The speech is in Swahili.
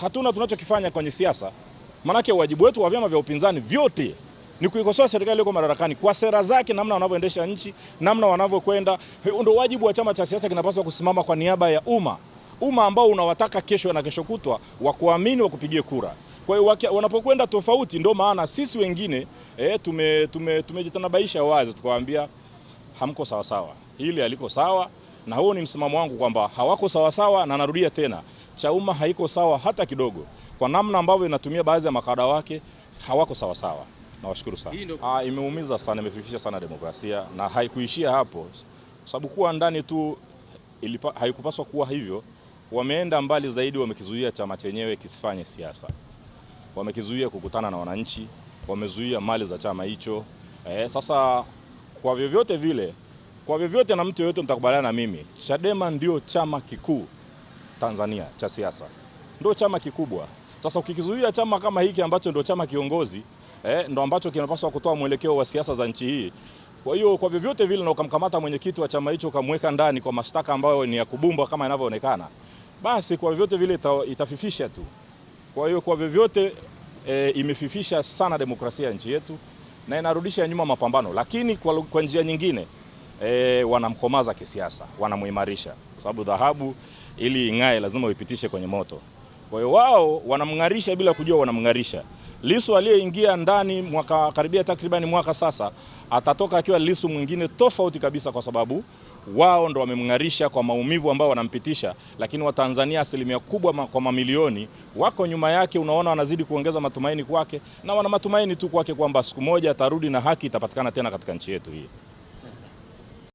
hatuna tunachokifanya kwenye siasa, maanake wajibu wetu wa vyama vya upinzani vyote ni kuikosoa serikali iliyoko madarakani kwa sera zake, namna wanavyoendesha nchi, namna wanavyokwenda. Ndio wajibu wa chama cha siasa, kinapaswa kusimama kwa niaba ya umma, umma ambao unawataka kesho na kesho kutwa wakuamini, wakupigie kura. Kwa hiyo wanapokwenda tofauti, ndio maana sisi wengine e, tume, tume, tumejitanabaisha wazi tukawaambia hamko sawasawa, hili aliko sawa, na huo ni msimamo wangu kwamba hawako sawasawa, na narudia tena umma haiko sawa hata kidogo, kwa namna ambavyo inatumia baadhi ya makada wake hawako sawa sawa. Nawashukuru sana. Ah, imeumiza sana, imefifisha sana demokrasia na haikuishia hapo, sababu kuwa ndani tu ilipa, haikupaswa kuwa hivyo. Wameenda mbali zaidi, wamekizuia chama chenyewe kisifanye siasa, wamekizuia kukutana na wananchi, wamezuia mali za chama hicho. Eh, sasa kwa vyovyote vile, kwa vyovyote na mtu yoyote mtakubaliana na mimi, Chadema ndio chama kikuu Tanzania cha siasa, ndio chama kikubwa. Sasa ukikizuia chama kama hiki ambacho ndio chama kiongozi eh, ndio ambacho kinapaswa kutoa mwelekeo wa siasa za nchi hii. Kwa hiyo kwa vyovyote vile, na ukamkamata mwenyekiti wa chama hicho ukamweka ndani kwa mashtaka ambayo ni ya kubumbwa kama inavyoonekana, basi kwa vyovyote vile ita, itafifisha tu. Kwa hiyo kwa vyovyote e, imefifisha sana demokrasia ya nchi yetu na inarudisha nyuma mapambano, lakini kwa, kwa njia nyingine e, wanamkomaza kisiasa, wanamuimarisha kwa sababu dhahabu ili ing'ae lazima uipitishe kwenye moto. Kwa hiyo wao wanamng'arisha bila kujua wanamng'arisha. Lisu aliyeingia ndani mwaka karibia takribani mwaka sasa, atatoka akiwa Lisu mwingine tofauti kabisa, kwa sababu wao ndo wamemng'arisha kwa maumivu ambao wanampitisha, lakini Watanzania asilimia kubwa ma, kwa mamilioni wako nyuma yake. Unaona, wanazidi kuongeza matumaini kwake na wana matumaini tu kwake kwamba siku moja atarudi na haki itapatikana tena katika nchi yetu hii.